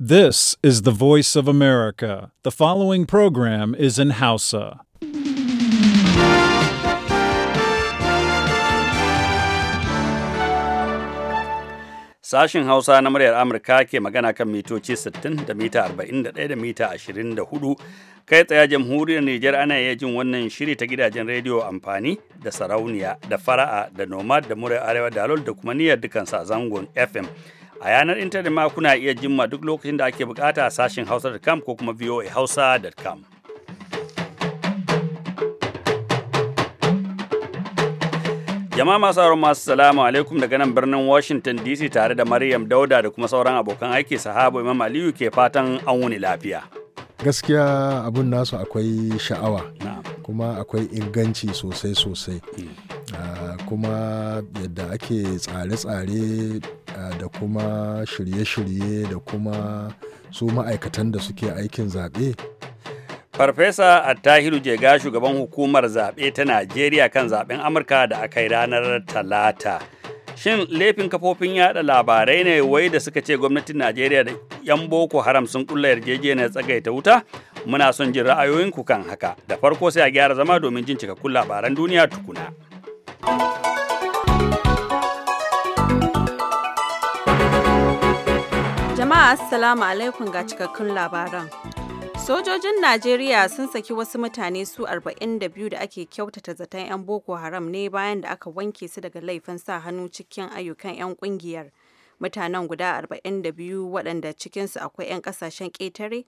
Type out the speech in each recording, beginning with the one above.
This is the voice of America. The following program is in Hausa. Sashen Hausa na muryar Amurka ke magana kan mitoci 60 da mita 41 da mita 24 kai tsaye jamhuriyar Nijar ana iya jin wannan shiri ta gidajen rediyo amfani da sarauniya da fara'a da nomad da muryar arewa da da kuma niyyar dukansa zangon FM. a yanar intanet ma kuna iya jimma duk lokacin da ake bukata a sashen hausa.com ko kuma voahausa.com jama'a masu sauran masu salamu alaikum daga nan birnin washington dc tare da maryam dauda da kuma sauran abokan aiki sahabo imam aliyu ke fatan an wuni lafiya gaskiya abun nasu akwai sha'awa kuma akwai inganci sosai sosai hmm. ah, kuma yadda ake tsare-tsare da kuma shirye-shirye da kuma su ma'aikatan da suke aikin zaɓe. Farfesa Attahiru Jega shugaban hukumar zaɓe ta Najeriya kan zaɓen Amurka da aka yi ranar Talata. Shin laifin kafofin yada labarai ne wai da suka ce gwamnatin Najeriya da 'yan Boko Haram sun kulla yarjejeniyar tsagaita wuta? Muna son jin ra'ayoyinku kan haka. Da farko sai a gyara zama domin jin cikakkun labaran duniya tukuna. Jama'a Assalamu alaikum ga cikakkun labaran. Sojojin Najeriya sun saki wasu mutane su 42 da ake kyautata zaton 'yan Boko Haram ne bayan da aka wanke su daga laifin sa hannu cikin ayyukan 'yan kungiyar. Mutanen guda 42 waɗanda cikinsu akwai 'yan ƙasashen ƙetare,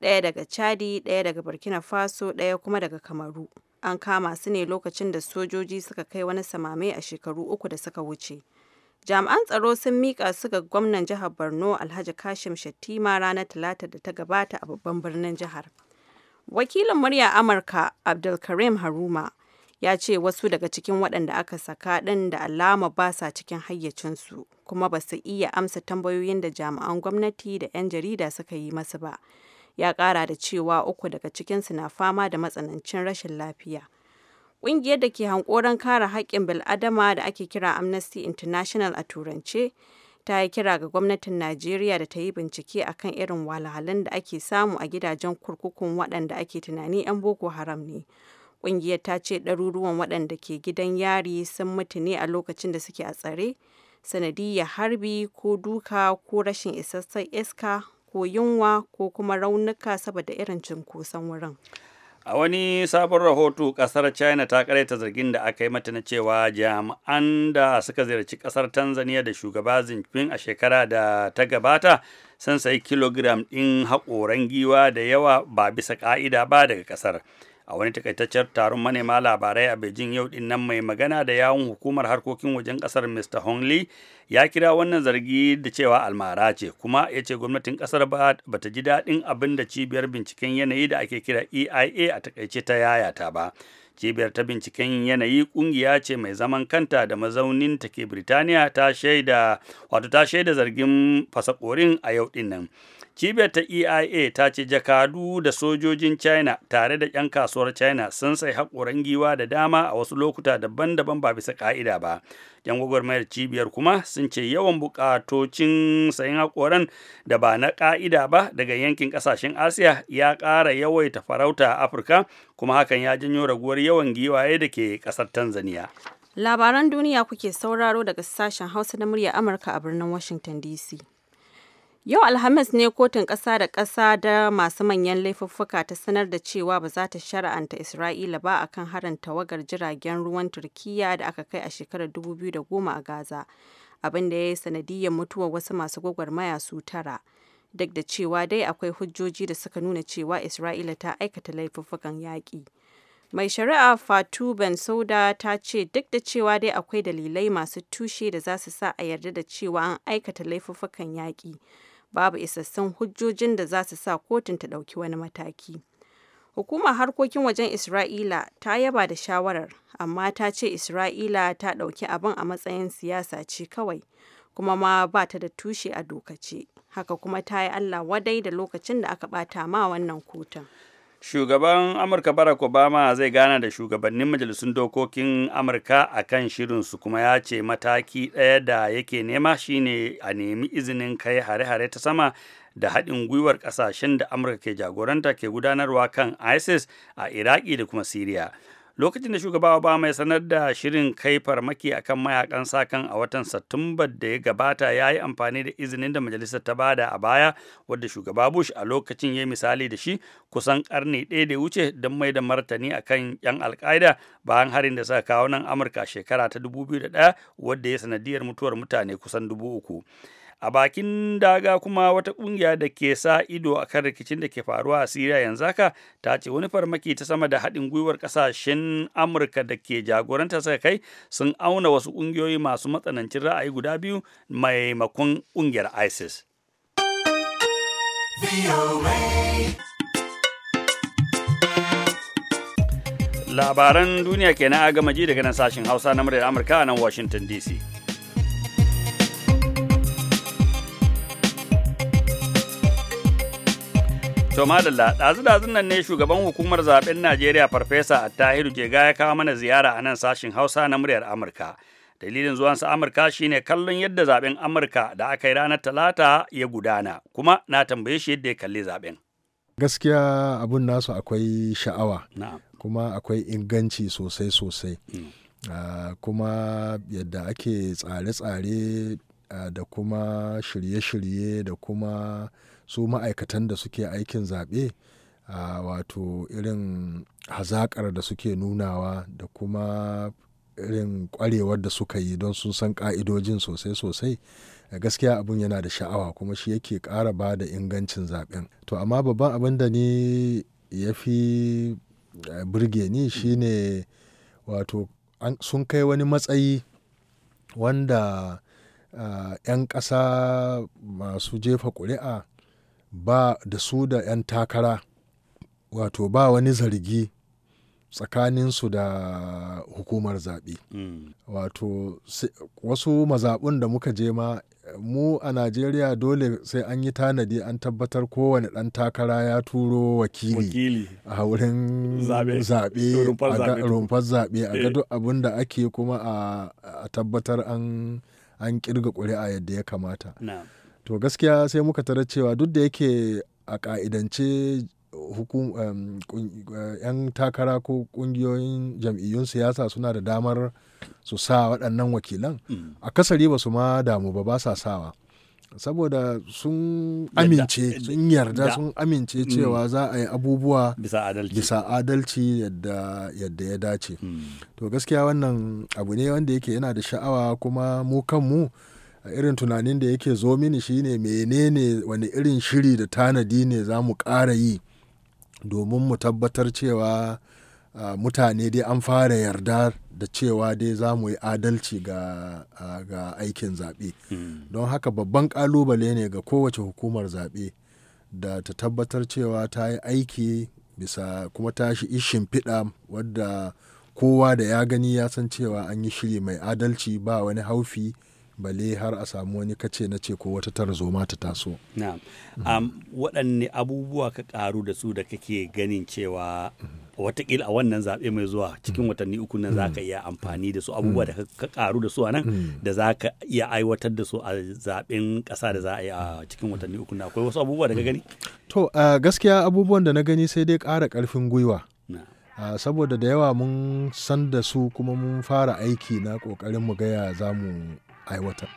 ɗaya daga Chadi, ɗaya daga Burkina Faso, ɗaya kuma daga Kamaru. An kama su ne lokacin da sojoji suka kai wani samame a shekaru uku da suka wuce. jami'an tsaro sun mika su ga gwamnan jihar borno alhaji kashim shattima ranar talata da ta gabata a babban birnin jihar wakilin murya amurka abdulkarim haruma ya ce wasu daga cikin waɗanda aka saka ɗin da alama ba sa cikin hayyacinsu kuma ba su iya amsa tambayoyin da jami'an gwamnati da 'yan jarida suka yi masu ba ya ƙara da cewa uku daga cikinsu na fama da matsanancin rashin lafiya Ƙungiyar da ke hankoron kare haƙƙin bil'adama da ake kira Amnesty International a Turance ta yi kira ga gwamnatin Najeriya da ta yi bincike akan irin wahalhalun da ake samu a gidajen kurkukun waɗanda ake tunani 'yan Boko Haram ne. Ƙungiyar ta ce ɗaruruwan waɗanda ke gidan yari sun mutu ne a lokacin da suke a tsare, sanadiyya harbi ko duka ko rashin isassan iska ko yunwa ko kuma raunuka saboda irin cinkoson wurin. A wani sabon rahoto ƙasar China ta karaita zargin da aka yi mata na cewa jami'an da suka ziyarci ƙasar Tanzania da shugaba Jinping a shekara da ta gabata sun sayi kilogram ɗin haƙoran giwa da yawa ba bisa ƙa'ida ba daga ƙasar a wani takaitaccen taron manema labarai a beijing yau din nan mai magana da yawun hukumar harkokin wajen kasar mr hongli ya kira wannan zargi da cewa almara ce kuma ya ce gwamnatin kasar ba ta ji daɗin abin da cibiyar binciken yanayi da ake kira eia a takaice ta yayata ba cibiyar ta binciken yanayi kungiya ce mai zaman kanta da mazaunin ta ke birtaniya ta shaida wato ta shaida zargin fasakorin a yau din nan Cibiyar ta EIA ta ce jakadu da sojojin China tare da 'yan kasuwar China sun sai haƙoran giwa da dama a wasu lokuta daban-daban ba bisa ƙa'ida ba. 'Yan gwagwarmayar cibiyar kuma sun ce yawan buƙatocin sayan haƙoran da ba na ƙa'ida ba daga yankin ƙasashen Asiya ya ƙara yawaita farauta a Afirka kuma hakan ya janyo raguwar yawan giwaye da ke ƙasar Tanzania. Labaran duniya kuke sauraro daga sashen Hausa na murya Amurka a birnin Washington DC. Yau Alhamis ne kotun ƙasa da ƙasa da masu manyan laifuffuka ta sanar da cewa ba za ta shari'anta Isra'ila ba akan harin tawagar jiragen ruwan Turkiyya da aka kai a shekarar 2010 a Gaza, abin da ya yi sanadiyyar mutuwar wasu masu gwagwarmaya su tara. Duk da cewa dai akwai hujjoji da suka nuna cewa Isra'ila ta aikata laifuffukan yaƙi. Mai shari'a Fatu Ben Sauda ta ce duk da cewa dai akwai dalilai masu tushe da za su sa a yarda da cewa an aikata laifuffukan yaƙi. babu isassun hujjojin da za su sa kotun ta ɗauki wani mataki. Hukumar harkokin wajen Isra'ila ta yaba da shawarar, amma ta ce Isra'ila ta ɗauki abin a matsayin siyasa ce kawai, kuma ma ba ta da tushe a dokace. Haka kuma ta yi Allah wadai da lokacin da aka ɓata ma wannan kotun. shugaban amurka barack obama zai gana da shugabannin majalisun dokokin amurka a kan shirinsu kuma ya ce mataki ɗaya da yake nema shine a nemi izinin kai hare-hare ta sama da haɗin gwiwar ƙasashen da amurka ke jagoranta ke gudanarwa kan isis a iraki da kuma siriya lokacin da shugaba obama ya sanar da shirin kai farmaki akan mayakan sakan a watan satumbar da ya gabata ya yi amfani da izinin da majalisar ta bada a baya wadda shugaba bush a lokacin ya misali da shi kusan karni ɗaya da wuce don mai da martani akan yan alkaida bayan harin da suka kawo nan amurka shekara ta 2001 wadda ya sanadiyar mutuwar mutane kusan dubu uku a bakin daga kuma wata kungiya da ke sa ido a kan rikicin da ke faruwa a siriya yanzu haka ta ce wani farmaki ta sama da haɗin gwiwar ƙasashen amurka da ke jagoranta suka kai sun auna wasu ƙungiyoyi masu matsanancin ra'ayi guda biyu maimakon ƙungiyar isis labaran duniya kenan a gama ji daga nan sashen hausa na muryar amurka a nan washington dc To madalla, ɗazu dazun nan ne shugaban hukumar zaben Najeriya Farfesa Attahiru Jega ya kawo mana ziyara a nan sashin Hausa na muryar Amurka. Dalilin zuwansa Amurka shine kallon yadda zaben Amurka da aka yi ranar Talata ya gudana, kuma na tambaye shi yadda ya kalli zaben. Gaskiya abun nasu akwai sha'awa, kuma akwai inganci sosai-sosai. Hmm. Ah, kuma yadda ake tsare-tsare ah, da kuma shirye-shirye da kuma su ma'aikatan da suke aikin zaɓe wato irin hazaƙar da suke nunawa da kuma irin ƙwarewar da suka yi don sun san ƙa'idojin sosai-sosai gaskiya abin yana da sha'awa kuma shi yake ƙara ba da ingancin zaɓen to amma babban abin da ni ya fi burge ni shine wato sun kai wani matsayi wanda 'yan ƙasa masu jefa ƙuri'a ba da su da 'yan takara wato ba wani zargi tsakaninsu da hukumar zaɓe mm. wato wasu mazaɓun da muka je ma mu a najeriya dole sai an yi tanadi an tabbatar kowane ɗan takara ya turo wakili a wurin zaɓe rumfar zaɓe a gado eh. abin da ake kuma a tabbatar an kirga ƙuri'a yadda ya kamata to gaskiya sai muka tarar cewa duk da yake a ka'idance yan takara ko ƙungiyoyin jam'iyyun siyasa suna da damar su sa waɗannan wakilan mm. akasari ba su ma damu ba ba sa sawa saboda sun amince sun yarda sun amince mm. cewa za a yi abubuwa bisa adalci yadda ya dace mm. to gaskiya wannan abu ne wanda yake yana da sha'awa kuma mu kanmu mu A irin tunanin da yake zo mini shine menene wani irin shiri da tanadi ne za mu ƙara yi domin mu tabbatar cewa uh, mutane dai an fara yarda da cewa dai za mu yi adalci ga, uh, aikin zaɓe hmm. don haka babban ƙalubale ne ga kowace hukumar zaɓe da ta tabbatar cewa ta yi aiki bisa kuma ta shi ishin fiɗa wadda kowa da ya gani ya san cewa an yi shiri mai adalci ba wani haufi bale har a samu wani kace na ce ko wata tarzoma ta taso waɗanne abubuwa ka ƙaru da su da kake ganin cewa watakila a wannan zaɓe mai zuwa cikin mm. watanni uku nan za ka iya amfani da su mm. abubuwa da ka ƙaru da su a nan mm. da za ka iya aiwatar da su a zaɓen ƙasa da za a yi a cikin watanni uku na akwai wasu abubuwa da ka gani to gaskiya abubuwan da na gani sai dai ƙara ƙarfin gwiwa saboda da yawa mun san da su kuma mun fara aiki na kokarin mu gaya za mu aiwatar.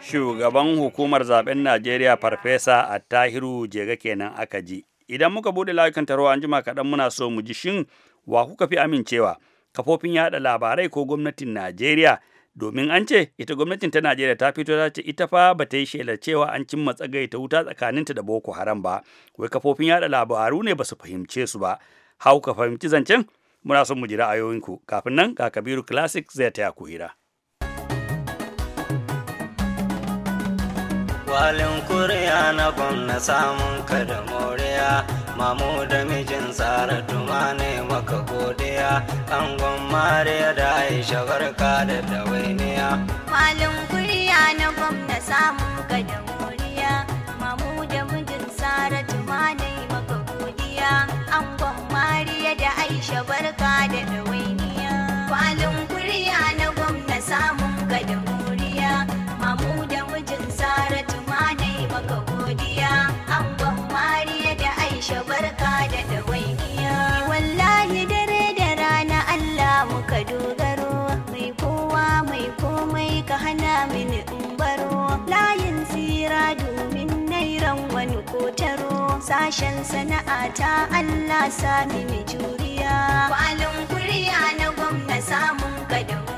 Shugaban hukumar zaben Najeriya Farfesa Attahiru Jega kenan aka ji. Idan muka buɗe layukan taro an jima kaɗan muna so mu ji shin wa kuka fi amincewa kafofin yaɗa labarai ko gwamnatin Najeriya domin an ce ita gwamnatin ta Najeriya ta fito ta ce ita fa ba ta yi shela cewa an cimma matsagai ta wuta tsakaninta da Boko Haram ba wai kafofin yaɗa labaru ne ba su fahimce su ba hau ka fahimci zancen muna son mu ji ra'ayoyinku kafin nan ga kabiru classic zai taya ku hira walin kuriya na gwamna samun ka da moriya mamu da mijin tsara tuma ne maka godiya angon Maria da aisha barka da dawainiya walin kuriya na gwamna samun ka wani kotaro sashen sana'a ta Allah sami mai juriya. Kwalin kuriya na gwamna samun gadamu.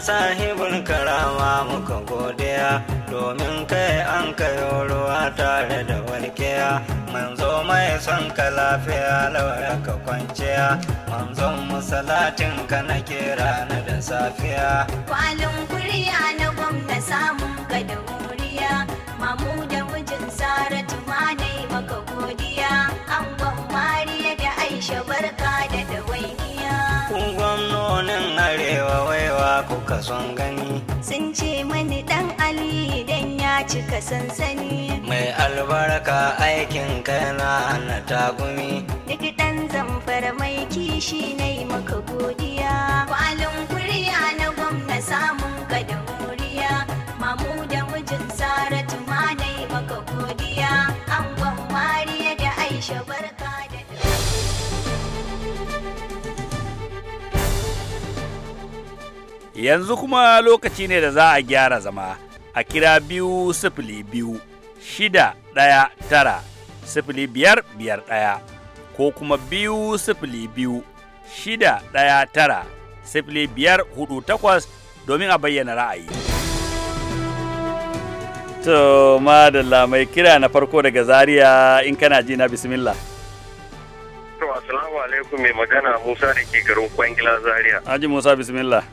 sahibin karama muka godiya domin kai an kayo ruwa tare da walƙiya manzo mai son ka lafiya laura ka kwanciya manzon musalatin ka na kira na da safiya kwalin kuriya na gwamna samun ka suka son gani sun ce mani dan ali dan ya cika sansani mai albarka aikin kana na tagumi duk dan zamfar mai kishi na maka godiya kwalin kuriya na gwamna samun gado yanzu kuma lokaci ne da za a gyara zama a kira biyu sifili biyu shida ɗaya tara sifili biyar biyar ɗaya ko kuma biyu sifili biyu shida ɗaya tara sifili biyar hudu takwas domin a bayyana ra'ayi. To madalla mai kira na farko daga Zaria in kana ji na bismillah. To assalamu alaikum mai magana Musa da ke garin Kwangila Zaria. aji Musa bismillah.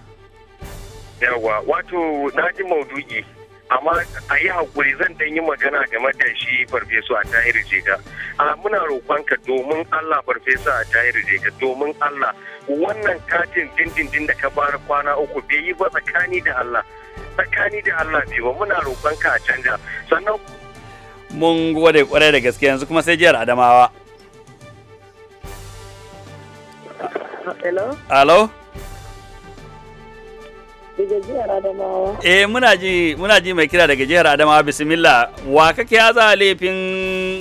yawa wato na ji maudu'i amma a yi hakuri zan dan yi magana game da shi farfesu a tahiru jega a muna roƙonka domin allah farfesa a tahiru jega domin allah wannan katin dindindin da ka bar kwana uku bai yi ba tsakani da allah tsakani da allah bai ba muna roƙonka a canja sannan mun gode kwarai da gaske yanzu kuma sai jiyar adamawa hello hello daga jihar Adamawa. Eh muna ji muna ji mai kira daga jihar Adamawa bismillah wa kake yaza laifin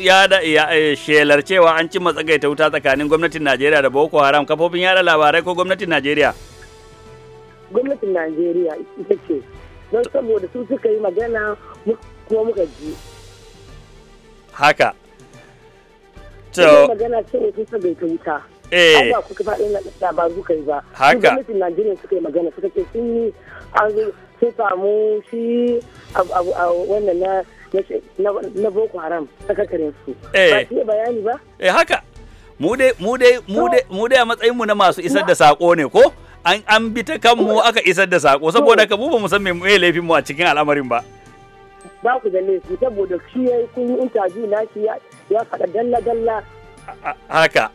ya da eh, shelar cewa an ci ta wuta tsakanin gwamnatin Najeriya da Boko Haram kafofin yada labarai ko gwamnatin Najeriya? Gwamnatin Najeriya ita ce don saboda su suka yi magana kuma muka ji. Haka. To. Magana ce wuta. eh ba ku kuma ɗin da ba su kai ba haka gwamnatin Najeriya suka yi magana suka ce sun yi an sun samu shi wannan na na Boko Haram sakataren su eh. ba shi bayani ba eh haka mu dai mu dai mu dai a matsayin mu na masu isar da sako ne ko an an bi ta kanmu aka isar da sako saboda ka mu ba mu san me laifin mu a cikin al'amarin ba ba ku da laifi saboda shi yayi kun yi interview na shi ya faɗa dalla dalla haka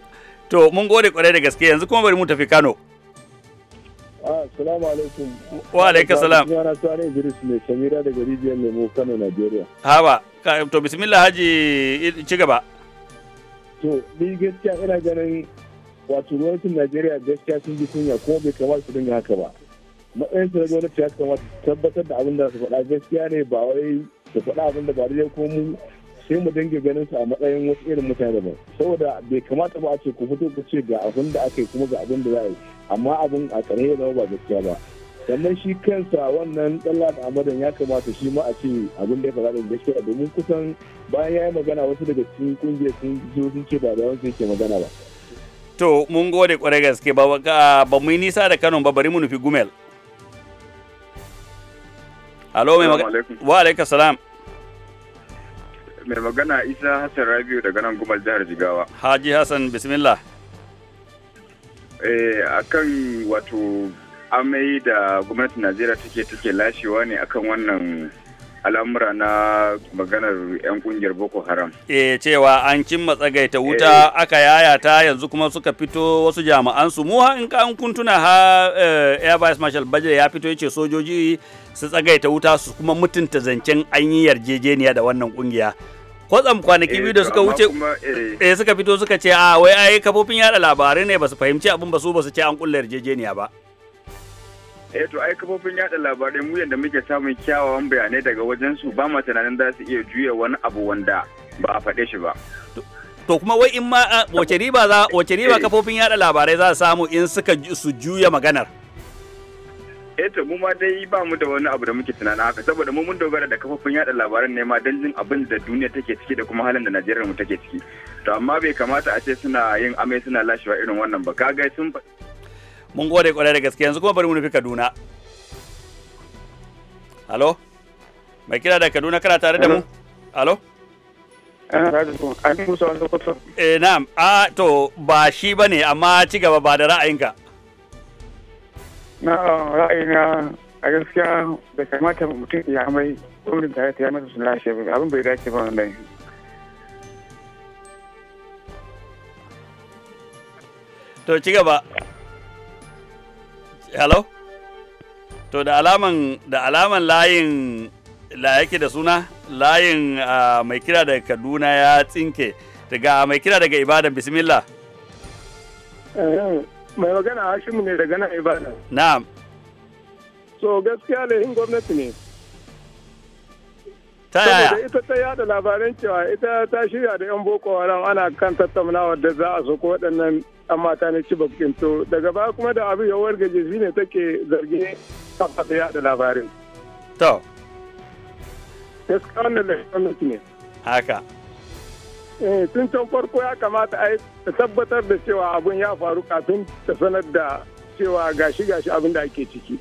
To mun gode kwarai da gaske yanzu kuma bari mu tafi Kano. Ah, assalamu alaikum. Wa alaikum salam. Sunana tsare Idris ne Samira daga Rijiyar Lemo Kano Najeriya. Haba, to bismillah Haji ci gaba. To ni gaskiya ina ganin wato gwamnatin Nigeria gaskiya sun ji sunya ko bai kamata su dinga haka ba. Matsayin su na gwamnati ya kamata tabbatar da abin da su faɗa gaskiya ne ba wai su faɗa abin da ba daidai ko mu sai mu dinga ganin su a matsayin wasu irin mutane daban saboda bai kamata ba a ce ku fito ku ce ga abin da aka yi kuma ga abin da za a yi amma abin a tsare ya zama ba gaskiya ba sannan shi kansa wannan da amadan ya kamata shi ma a ce abin da ya faɗa da gaskiya domin kusan bayan ya yi magana wasu daga cikin kungiyar sun zo sun ce ba da ke magana ba. to mun gode kwarai gaske ba ba mu yi nisa da kano ba bari mu nufi gumel. alo mai magana wa alaikum salam. mai magana isa hassan rabiu daga nan gumal jihar jigawa haji hassan bismillah eh akan wato amai da gwamnatin najeriya take take lashewa ne akan wannan al'amura na maganar 'yan kungiyar boko haram eh cewa an cimma tsagaita wuta eh. aka yayata yanzu kuma suka fito wasu jami'an su mu in ka kun tuna ha eh, air vice marshal baje ya fito yace sojoji su tsagaita wuta su kuma mutunta zancen an yi yarjejeniya da wannan kungiya kwatsam kwanaki eh, biyu da suka wuce eh suka fito suka ce a ah, wai ai kafofin yada labarai ne ba su fahimci abin ba su ba ce an kullar yarjejeniya ba eh to ai kafofin yada labarai mu yadda muke samun kyawawan bayanai daga wajen su ba ma tunanin za su iya juya wani abu wanda ba a faɗe shi ba to kuma wai in ma ah, wace riba za wace riba eh. kafofin yada labarai za su samu in suka su juya maganar eh to mu ma dai ba mu da wani abu da muke tunanin haka saboda mu mun dogara da kafofin yada labaran ne ma don jin abin da duniya take ciki da kuma halin da Najeriya mu take ciki to amma bai kamata a ce suna yin amai suna lashewa irin wannan ba kaga sun mun gode kwarai da gaske yanzu kuma bari mu nufi kaduna halo mai kira da kaduna kana tare da mu halo Eh na'am a to ba shi ne amma ci gaba ba da ra'ayinka na ra'ayina a gaskiya da kamata mutum ya mai gwamnatin tare ta yi masa sun lashe ba abin bai dace ba wannan to ci gaba hello to da alaman da alaman layin la yake da suna layin mai kira daga kaduna ya tsinke daga mai kira daga ibadan bismillah eh, mai magana hashim ne daga nan ibadan na'am so gaskiya in gwamnati ne ta yaya ita ta yada labaran cewa ita ta shirya da yan boko haram ana kan tattaunawa da za a soko waɗannan amma ta ne ci bakin to daga baya kuma da abin gaje shi ne take ta ya da labarin to gaskiya wannan laifin ne haka eh, tun can farko ya kamata a tabbatar da cewa abin ya faru kafin ta sanar da cewa gashi gashi abin da ake ciki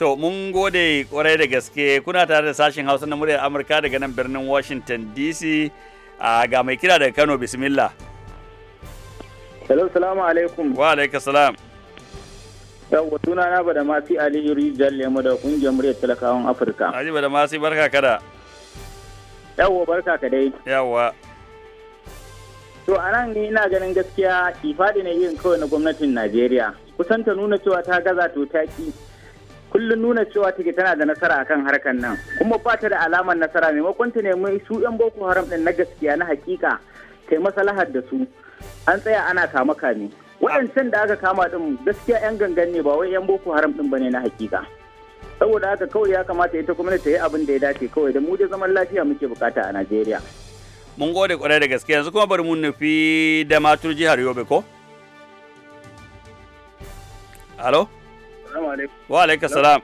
To, mun gode kwarai da gaske kuna tare da sashen Hausa na muryar Amurka daga nan birnin Washington DC ah, ga mai kira daga Kano, Bismillah. Hello, salamu alaikum. Wa alaika salam. Yawwa suna na bada masi Ali Rijal Lemu da kungiyar muryar talakawan Afirka. Aji bada masi barka kada. Yawwa barka ka dai. Yawwa. To a nan ni ina ganin gaskiya ifadi ne yin kawai na gwamnatin Najeriya. Kusan ta nuna cewa ta gaza to ta ki. Kullum nuna cewa take tana da nasara akan harkan nan. Kuma ba ta da alamar nasara maimakon ta nemi su 'yan Boko Haram ɗin na gaskiya na hakika. Kai masalahar da su. an tsaya ana kama kame waɗancan da aka kama ɗin gaskiya 'yan gangan ne ba wai 'yan boko haram ɗin bane na hakika saboda haka kawai ya kamata ita kuma ta yi abin da ya dace kawai da mu da zaman lafiya muke bukata a najeriya mun gode kwarai da gaske yanzu kuma bari mun nufi da matur jihar yobe ko alo wa alaika salam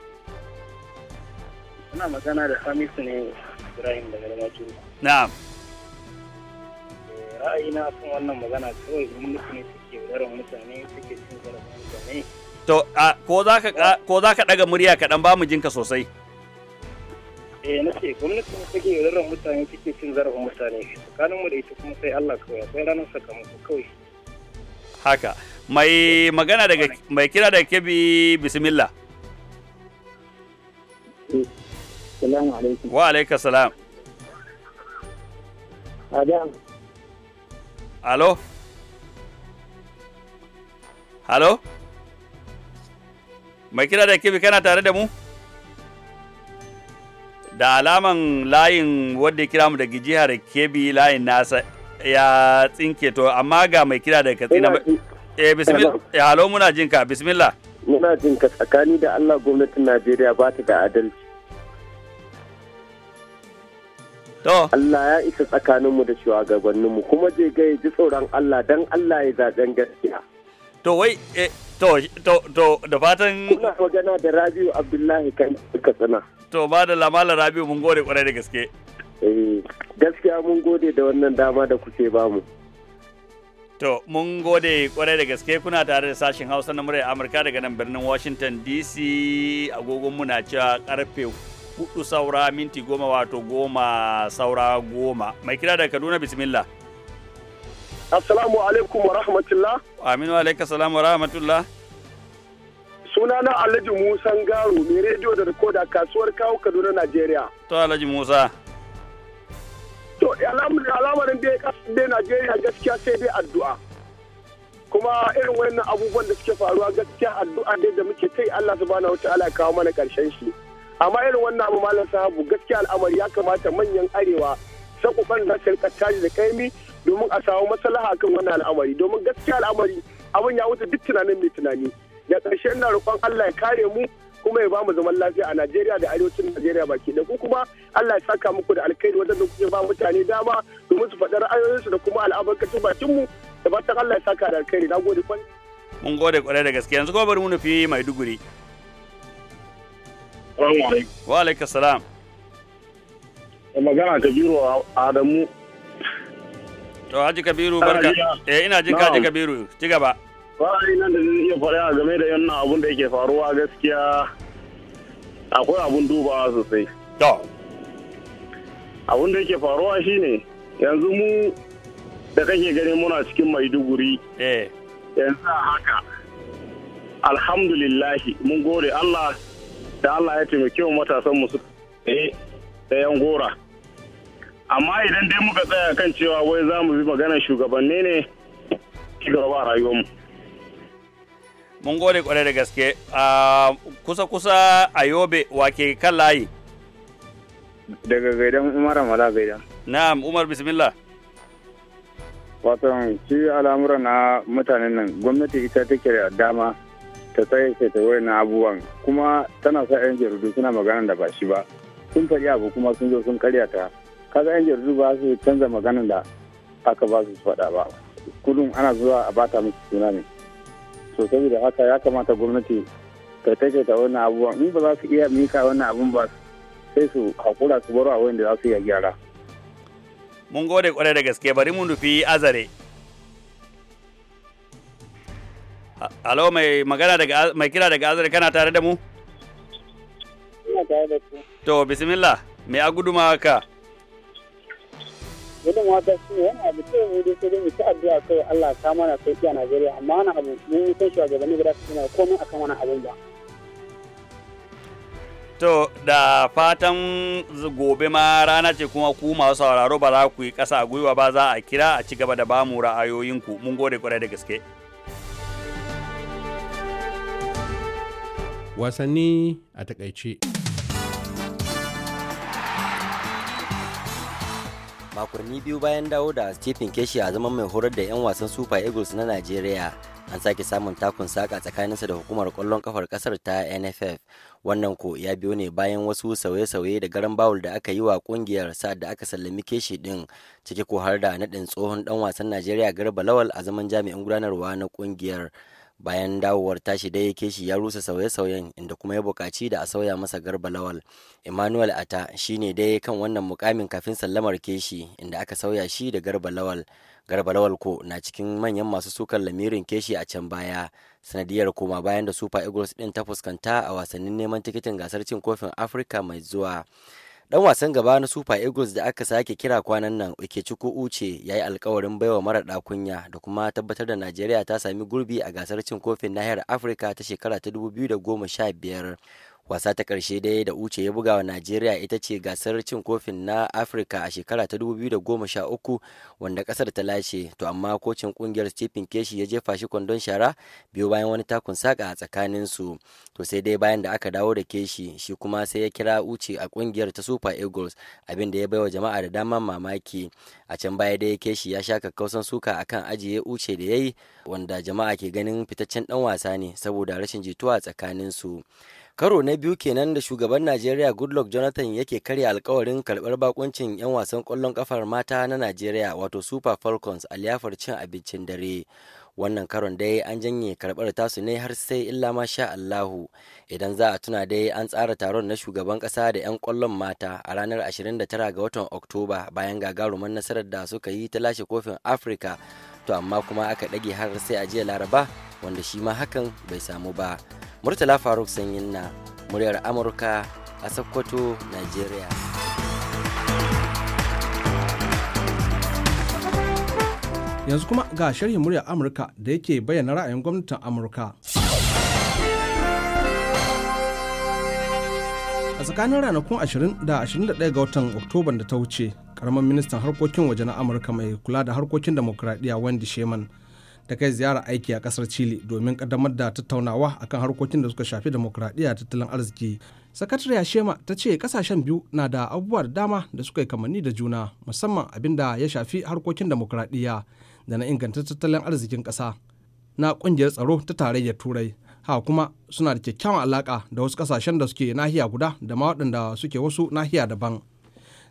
ina magana da samisu ne ibrahim daga da maturu na'am ra'ayina kan wannan magana kawai gwamnati ne suke daren mutane suke cin zarafin mutane. To, ko za ka ɗaga murya kaɗan ba mu jinka sosai? Eh, na ce gwamnati ne suke yaudarar mutane suke cin zarafin mutane. Tsakanin mu da ita kuma sai Allah kawai akwai ranar sakamako kawai. Haka, mai magana daga mai kira daga kebi bismillah. Salamu alaikum. Wa alaikum salam. Adam. ¿Aló? ¿Aló? Mai kira da kibi kana tare da mu? Da alaman layin wadda ya kira mu daga jihar kebi layin nasa ya tsinke to amma ga mai kira da Katsina eh bismillah eh, ya halo muna jinka bismillah muna jinka tsakani da Allah gwamnatin Najeriya ba ta da adalci Allah ya isa tsakaninmu da shugabanninmu kuma je gai ji tsoron Allah dan Allah ya zaben gaskiya. To wai eh, to to to da fatan kuna magana da Rabiu Abdullahi kan Katsina. To ba da lamala Rabiu mun gode kwarai da gaske. Eh gaskiya mun gode da wannan dama da kuke bamu. To, mun gode kwarai da gaske kuna tare da sashen Hausa na murya Amurka daga nan birnin Washington DC agogon muna cewa karfe hudu saura minti goma wato goma saura goma mai kira daga kaduna bismillah assalamu alaikum wa rahmatullah aminu alaika salam wa rahmatullah na alhaji musa garo mai rediyo da rikoda kasuwar kawo kaduna najeriya to alhaji musa to alamarin da ya kasu dai najeriya gaskiya sai dai addu'a kuma irin wannan abubuwan da suke faruwa gaskiya addu'a dai da muke kai Allah subhanahu wa ta'ala ya kawo mana karshen shi amma irin wannan abu malam sahabu gaskiya al'amari ya kamata manyan arewa sa kokarin da su rika tashi da kaimi domin a samu maslaha kan wannan al'amari domin gaskiya al'amari abin ya wuce duk tunanin mai tunani da ƙarshe ina roƙon Allah ya kare mu kuma ya bamu zaman lafiya a Najeriya da arewacin Najeriya baki da ku kuma Allah ya saka muku da alkhairi wajen da kuke ba mutane dama domin su faɗi ra'ayoyinsu da kuma al'abarkacin bakin mu da fatan Allah ya saka da alkhairi nagode kwan mun gode kwarai da gaske yanzu ko bari mu nufi Maiduguri Wa alaika salam. Magana Kabiru Adamu. To Aji Kabiru barka. Eh ina jin Haji Kabiru ci gaba. Ra'ayi ina da zai iya faɗa game da yana abun da yake faruwa gaskiya akwai abun dubawa sosai. To. Abun da yake faruwa shine yanzu mu da kake gani muna cikin Maiduguri. Eh. Yanzu haka. alhamdulillah mun gode Allah da Allah ya taimake mu matasan mu su da yan gora amma idan dai muka tsaya kan cewa wai za mu bi maganar shugabanni ne ci gaba rayuwarmu mun gode kwarai da gaske kusa-kusa a yobe wake kan layi daga gaidan umar amala gaidan na'am umar bismillah wato shi al'amura na mutanen nan gwamnati ita take da dama ta tsaye ta wayan abubuwan kuma tana sa 'yan jaridu suna magana da ba shi ba sun faɗi abu kuma sun zo sun karya ta kaga 'yan jaridu ba su canza magana da aka ba su faɗa ba kudin ana zuwa a bata musu suna ne so da haka ya kamata gwamnati ta take ta wannan abubuwan in ba za su iya mika wannan abun ba sai su hakura su bar a wanda za su iya gyara mun gode kwarai da gaske bari mu nufi azare Alo mai magana daga mai kira daga Azare kana tare da mu? Ina tare da ku. To bismillah mai aguduma haka? Gudunmawa wata shi wani abu ce mu dai sai dai mu ci addu'a kai Allah ka mana sauki a Najeriya amma wani abu mun san shugabanni guda su suna komai akan wani abun ba. To da fatan gobe ma rana ce kuma ku masu sauraro ba za ku yi ƙasa a gwiwa ba za a kira a ci gaba da bamu ra'ayoyinku mun gode kwarai da gaske. wasanni a takaice makonni biyu bayan dawo da stephen keshi a zaman mai horar da 'yan wasan super eagles na nigeria an sake samun takun saka tsakaninsa da hukumar kwallon kafar kasar ta nff wannan ko ya biyo ne bayan wasu sauye-sauye da garan bawul da aka yi wa kungiyar sa da aka sallami keshi din ciki ko har da naɗin tsohon dan wasan najeriya garba lawal a zaman jami'in gudanarwa na kungiyar bayan dawowar tashi dai keshi ya rusa sauye-sauyen inda kuma ya buƙaci da a sauya masa garba lawal emmanuel ata shine dai kan wannan mukamin kafin sallamar keshi inda aka sauya shi da garba lawal garba lawal ko na cikin manyan masu sukar lamirin keshi a can baya sanadiyar koma bayan da super eagles din ta fuskanta a wasannin neman tikitin gasar cin kofin afirka mai zuwa Dan wasan gaba na Super Eagles da aka sake kira kwanan nan Okechukwu uce ya yi alkawarin baiwa mara kunya da kuma tabbatar da Najeriya ta sami gurbi a gasar cin kofin nahiyar Afirka ta shekara ta 2015. wasa ta karshe dai da uce ya buga wa najeriya ita ce gasar cin kofin na afirka a shekara ta 2013 wanda ƙasar ta lashe to amma kocin ƙungiyar stephen keshi ya jefa shi kwandon shara biyu bayan wani takun saka a tsakanin su to sai dai bayan da aka dawo da keshi shi kuma sai ya kira uce a ƙungiyar ta super eagles abin da ya baiwa jama'a da dama mamaki a can baya dai keshi ya sha kakkausan suka akan ajiye uce da yayi wanda jama'a ke ganin fitaccen dan wasa ne saboda rashin jituwa tsakanin su karo na biyu kenan da shugaban najeriya goodluck jonathan yake karya alkawarin karbar bakuncin yan wasan kwallon kafar mata na najeriya wato super falcons a liyafar cin abincin dare wannan karon dai an janye karbar tasu ne har sai illa ma sha allahu idan za a tuna dai an tsara taron na shugaban kasa da yan kwallon mata a ranar 29 ga watan oktoba bayan gagaruman nasarar da suka yi ta lashe kofin Afrika. to amma kuma aka ɗage har sai a jiya laraba wanda shi ma hakan bai samu ba murtala faruk sanyin na muryar amurka a sokoto nigeria yanzu kuma ga sharhin muryar amurka da yake bayyana ra'ayin gwamnatin amurka tsakanin ranakun 20 da 21 ga watan oktoban da ta wuce karamin ministan harkokin waje na amurka mai kula da harkokin demokuraɗiyya wendy sheman da kai ziyara aiki a kasar chile domin kaddamar da tattaunawa akan harkokin da suka shafi demokuraɗiyya tattalin arziki sakatariya shema ta ce kasashen biyu na da abubuwa da dama da suka yi kamanni da juna musamman abin da ya shafi harkokin demokuraɗiyya da na inganta tattalin arzikin ƙasa na ƙungiyar tsaro ta tarayyar turai haka kuma suna da kyakkyawan alaka da wasu kasashen da suke nahiya guda da ma waɗanda suke wasu nahiya daban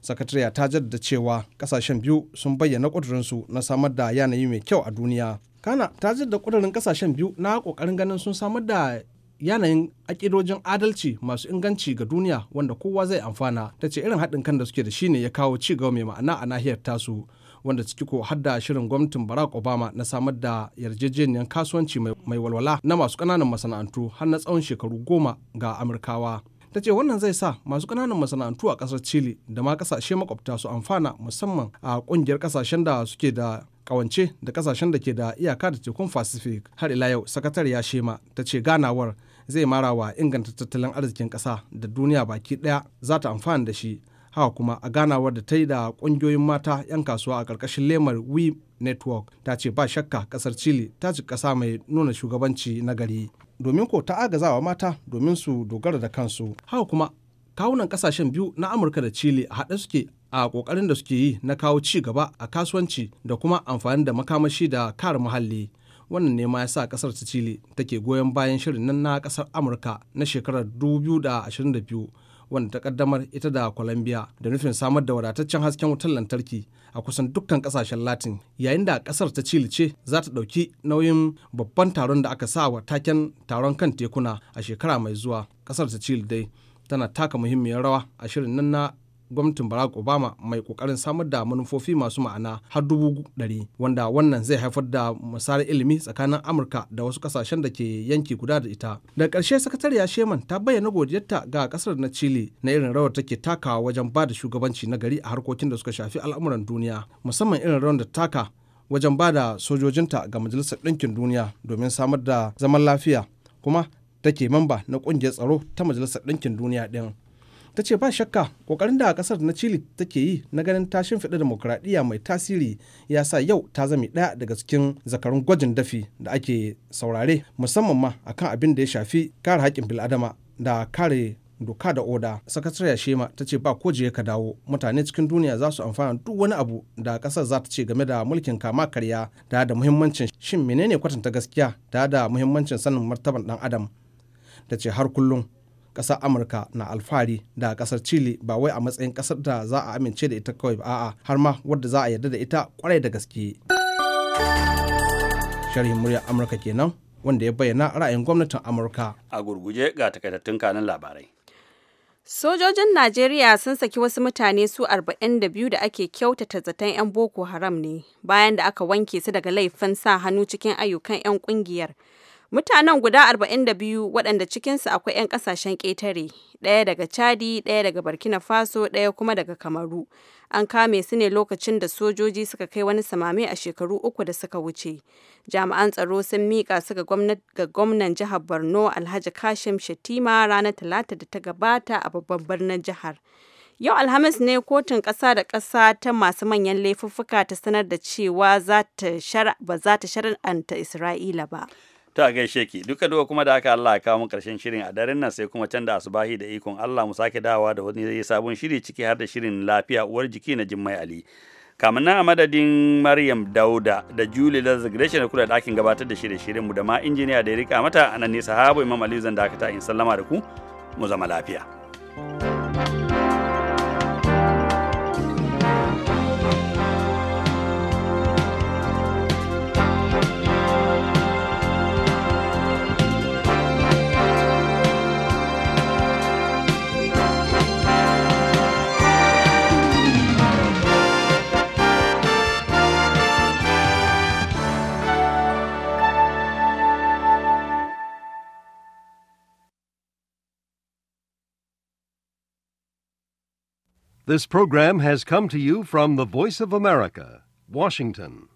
sakatariya ta jaddada cewa kasashen biyu sun bayyana ƙudurinsu na samar da yanayi mai kyau a duniya kana ta jaddada ƙudurin kasashen biyu na ƙoƙarin ganin sun samar da yanayin akidojin adalci masu inganci ga duniya wanda kowa zai amfana ta ce irin haɗin kan da suke da shi ne ya kawo ci gaba mai ma'ana a nahiyar tasu wanda ciki ko hadda shirin gwamnatin barack obama na samar da yarjejeniyar kasuwanci mai walwala na masu ƙananan masana'antu har na tsawon shekaru goma ga amurkawa ta ce wannan zai sa masu ƙananan masana'antu a ƙasar chile da ma kasashe makwabta su amfana musamman a ƙungiyar ƙasashen da suke da kawance da ƙasashen da ke da iyaka da tekun pacific har ila yau ya shema ta ce ganawar zai marawa inganta tattalin arzikin ƙasa da duniya baki ɗaya za ta amfana da shi haka kuma a ganawar da ta yi da ƙungiyoyin mata 'yan kasuwa a ƙarƙashin lemar we network ta ce ba shakka ƙasar chile ta ci ƙasa mai nuna shugabanci na gari domin ko ta agazawa mata domin su dogara da kansu haka kuma kawunan ƙasashen biyu na amurka da chile a haɗe suke a ƙoƙarin da suke yi na kawo ci gaba a kasuwanci da kuma amfani da makamashi da kare muhalli wannan ne ma ya sa kasar ta chile take goyon bayan shirin nan na kasar amurka na shekarar 2022 wanda ta kaddamar ita da colombia da nufin samar da wadataccen hasken wutar lantarki a kusan dukkan kasashen latin yayin da kasar ta chile ce za ta ɗauki nauyin babban taron da aka sa wa taken taron kan tekuna a shekara mai zuwa kasar ta chile dai tana taka muhimmiyar rawa a shirin nan na gwamnatin barack obama mai kokarin samar da manufofi masu ma'ana har dubu ɗari wanda wannan zai haifar da musayar ilimi tsakanin amurka da wasu kasashen da ke yanki guda da ita daga ƙarshe sakatariya sheman ta bayyana godiyarta ga ƙasar na chile na irin rawar take takawa wajen bada shugabanci na gari a harkokin da suka shafi al'amuran duniya musamman irin rawar da taka wajen ba da sojojinta ga majalisar ɗinkin duniya domin samar da zaman lafiya kuma take mamba na ƙungiyar tsaro ta majalisar ɗinkin duniya ɗin ta ce ba shakka kokarin da kasar na chile take yi na ganin ta shimfiɗa demokuraɗiyya mai tasiri ya sa yau ta zame ɗaya daga cikin zakarun gwajin dafi da ake saurare musamman ma akan abin da ya shafi kare haƙƙin bil'adama da kare doka da oda Sakatare ya shema ta ce ba ko je ka dawo mutane cikin duniya za su amfana duk wani abu da kasar za ta ce game da mulkin kama karya da da muhimmancin shin menene kwatanta gaskiya da da muhimmancin sanin martaban dan adam da ce har kullum ƙasar amurka na alfahari da kasar chile ba wai a matsayin kasar da za a amince da ita kawai ba a'a har ma wadda za a yarda da ita kwarai da gaske sharhin muryar amurka kenan wanda ya bayyana ra'ayin gwamnatin amurka a gurguje ga takaitattun kanan labarai Sojojin Najeriya sun saki wasu mutane su 42 da ake kyautata zaton 'yan Boko Haram ne, bayan da aka wanke su daga laifin sa hannu cikin ayyukan 'yan kungiyar. Mutanen guda arba'in da biyu, waɗanda cikinsu akwai 'yan ƙasashen ƙetare, ɗaya daga Chadi, ɗaya daga Burkina Faso, ɗaya kuma daga Kamaru. An kame su ne lokacin da sojoji suka kai wani samame a shekaru uku da suka wuce. Jami'an tsaro sun miƙa su ga gwamnan jihar Borno Alhaji Kashim Shatima ranar Talata da ta gabata a babban birnin jihar. Yau Alhamis ne kotun ƙasa da ƙasa ta masu manyan laifuffuka ta sanar da cewa ba za ta shari'anta Isra'ila ba. a gaishe ki duka duka kuma da aka Allah ya kawo mu karshen shirin a daren nan sai kuma can da asubahi da ikon Allah mu sake dawowa da wani zai sabon shiri ciki har da shirin lafiya uwar jiki na Jummai Ali kamar nan a madadin Maryam Dauda da Julie Lazar Gresham da kula da ɗakin gabatar da shirye-shiryen mu da ma injiniya da ya rika mata anan ne sahabo Imam Ali zan dakata in sallama da ku mu zama lafiya. thank you This program has come to you from the Voice of America, Washington.